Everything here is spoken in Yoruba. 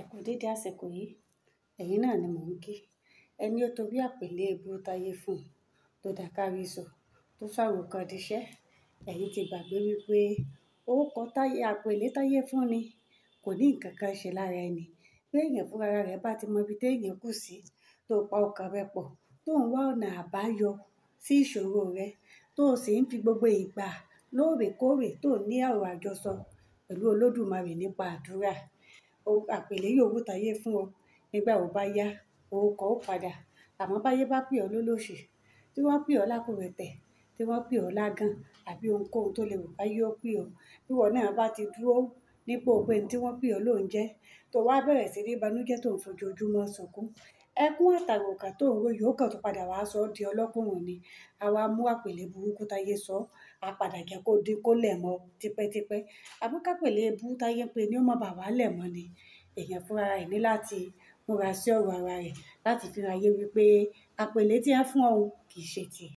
Ẹ kú dédé àsìkò yìí. Ẹ̀yin náà ni mò ń kí. Ẹni ó torí àpèlé èébú táyé fún, tó dàkárí ìṣò, tó sọ̀rọ̀ kan diṣẹ́. Ẹ̀yin ti gbàgbé wípé orúkọ táyé, àpèlé táyé fún ni kò ní ǹkan kan ṣe lára ẹni. Bí èèyàn fún rara rẹ̀ bá ti mọ ibi tí èèyàn kù sí, tó pa ọkàn rẹ̀ pọ̀, tó ń wá ọ̀nà àbáyọ sí ìṣòro rẹ̀, tó sì ń fi gbogbo ìgbà lóòrèkóòrè tó ní ọ̀rọ̀ àjọsọ pẹ̀lú Olódùmarè nípa àdúrà àpèlé yòówù táyé fún ọ nígbà ó bá yá orúkọ ó padà àmọ́ báyé bá pè ọ́ lólòṣì tí wọ́n pè ọ́ lákùrẹ̀tẹ̀ tí wọ́n pè ọ́ lágàn àbí ohunkóhun tó lè wù káyé ó pè ọ́ bí wọn náà bá ti dúró nípò pé ní tí wọ́n pè ọ́ ló ń jẹ́ tó wá bẹ̀rẹ̀ sí ní banújẹ́ tó ń fojoojúmọ́ sunkún ẹkún àtàròkà tó ń wò yóò kàn tó padà wá sọ di ọlọ́kùnrin ni àwa mú àpèlé burúkú táyé sọ àpàdà jẹ́ kó dín kó lẹ̀ mọ́ tipẹ́tipẹ́ àmọ́ kápèlé burú táyé pé ni ó má bàa wá lẹ̀ mọ́ ni èèyàn fúnra rẹ̀ ní láti múra sí ọ̀rọ̀ ara rẹ̀ láti fi ayé wípé àpèlé tí a fún ọ kì í ṣe tiẹ̀